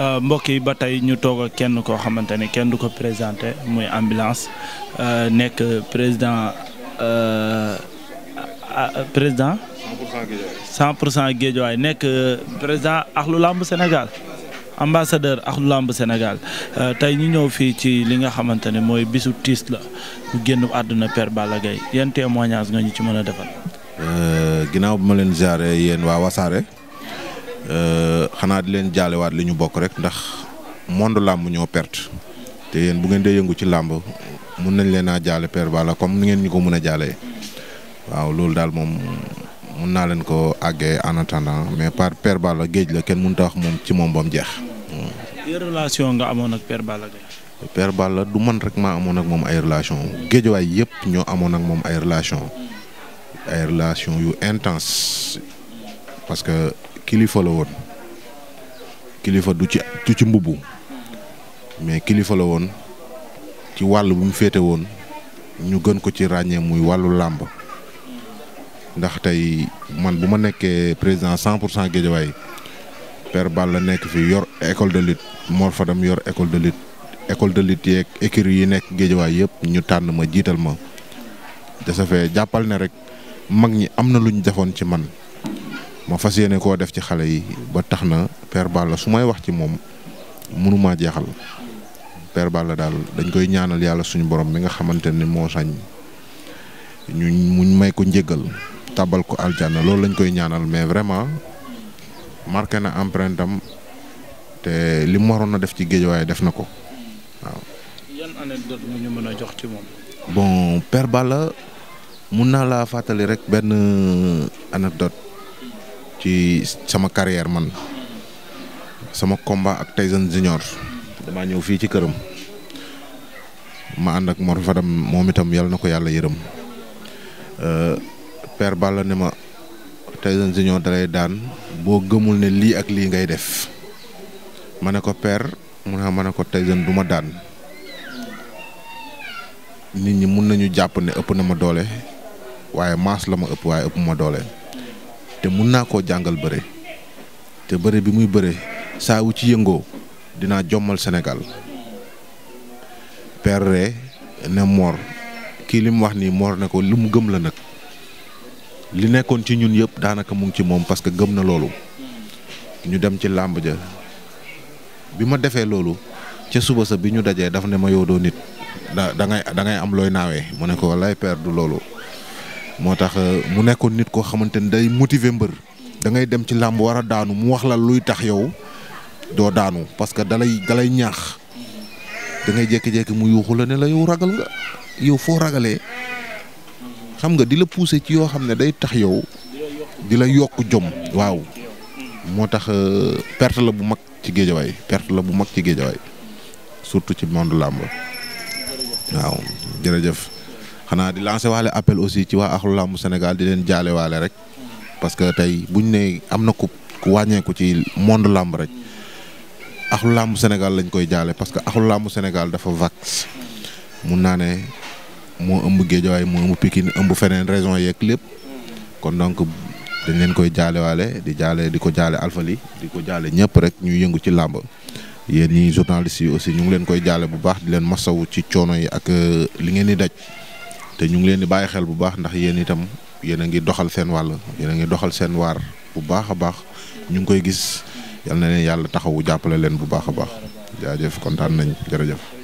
Euh, mbokk yi ba tey ñu toog ak kenn koo xamante ne kenn du ko présenté muy ambulance euh, nekk président euh, président. 100 pour cent Guédiawaye nekk président Akhlu Lamb Sénégal ambassadeur Akhlu Lamb Sénégal tey ñu ñëw fii ci li nga xamante ne mooy bisu tiis la bu génn àdduna Père Balla Gaye yan témoignage nga ñu ci mën a defal. ginnaaw bi ma leen ziare yéen waa Wasaare. Euh, xanaa di leen jaalewaat li ñu bokk rek ndax monde làmb ñoo perte te yéen bu ngeen dee yëngu ci làmb mun nañ leen a jaale Père Balla comme ni ngeen ñu ko mën a jaalee waaw loolu daal moom mun naa leen ko àggee en attendant mais par Père Balla géej la kenn mënut a wax moom ci moom ba jeex. relation nga amoon ak Père Balla du man rek maa amoon ak moom ay relation géej géejawaay yëpp ñoo amoon ak moom ay relation ay relation yu intense parce que. kilifa la woon kilifa du ci du ci mais kilifa la woon ci wàll bu mu féete woon ñu gën ko ci ràññee muy wàllu làmb ndax tey man bu ma nekkee président cent pour cent Guédiawaye Père Balla la nekk fi yor école de lutte Mor Fadam yor école de lutte école de lutte yeeg écurie yi nekk Guédiawaye yëpp ñu tànn ma jiital ma de ce jàppal ne rek mag ñi am na lu ñu defoon ci man ma fas yéene koo def ci xale yi ba tax na Père su may wax ci moom mënumaa jeexal Père Balla daal dañ koy ñaanal yàlla suñu borom mi nga xamante ne moo sañ ñu muñ may ko njëgal tabal ko aljanna loolu lañ koy ñaanal mais vraiment marqué na empreinte te li waroon na def ci géej waaye def na ko waaw. yan anecdote mu mën a jox ci moom. bon Père mun naa laa fàttali rek benn anecdote ci sama carrière man sama combat ak Tyson Junior damaa ñëw fii ci këram ma ànd ak Mor Fadam moom itam yàlla na ko yàlla yërëm euh, Père Balla ne ma Tyson Junior dalay daan boo gëmul ne lii ak lii ngay def ma ne ko père mu ne ma ne ko Tyson du ma daan nit ñi mun nañu jàpp ne ëpp na ma doole waaye maas la ma ëpp waaye ëpp ma doole. te mun naa koo jàngal bëre te bëre bi muy bëre saawu ci yëngoo dinaa jommal Sénégal perre ne Mor kii li mu wax nii Mor ne ko li mu gëm la nag li nekkoon ci ñun yëpp daanaka mu ngi ci moom parce que gëm na loolu ñu dem ci làmb ja bi ma defee loolu ca suba sa bi ñu dajee daf ne ma yoodoo nit da da ngay am looy naawe mu ne ko wallaay per du loolu moo tax euh, mu nekkoon nit koo xamante ni day motiver mbër da ngay dem ci làmb war a daanu mu wax la luy tax yow doo daanu parce que dalay dalay ñaax da ngay jékki mu yuuxu la ne la yow ragal nga yow foo ragalee xam nga di la pousser ci yoo xam ne day tax yow di la yokk jom waaw moo tax euh, perte la bu mag ci géejawaay perte la bu mag ci géejawaay surtout ci monde làmb waaw xanaa di lancer waale appel aussi ci waa axlu làmb Sénégal di leen jaale waale rek parce que tey buñ ne am na ku wàññeeku ci monde làmb rek axlu làmb senegal lañ koy jaale parce que axlu làmb Sénégal dafa vax mun naa ne moo ëmb Géejawaay moo ëmb Pikine ëmb feneen raison yeeg lépp kon donc dañ leen koy jaalewaale di jaale di ko jaale alfali di ko jaale ñëpp rek ñuy yëngu ci làmb yéen ñi journalistes yi aussi ñu ngi leen koy jaale bu baax di leen masawu ci coono yi ak euh, li ngeen di daj te ñu ngi leen di bàyyi xel bu baax ndax yéen itam yéen a ngi doxal seen wàll yéen a ngi doxal seen waar bu baax a baax ñu ngi koy gis yal na leen yàlla taxawu jàppale leen bu baax a baax jaajëf kontaan nañ jërëjëf.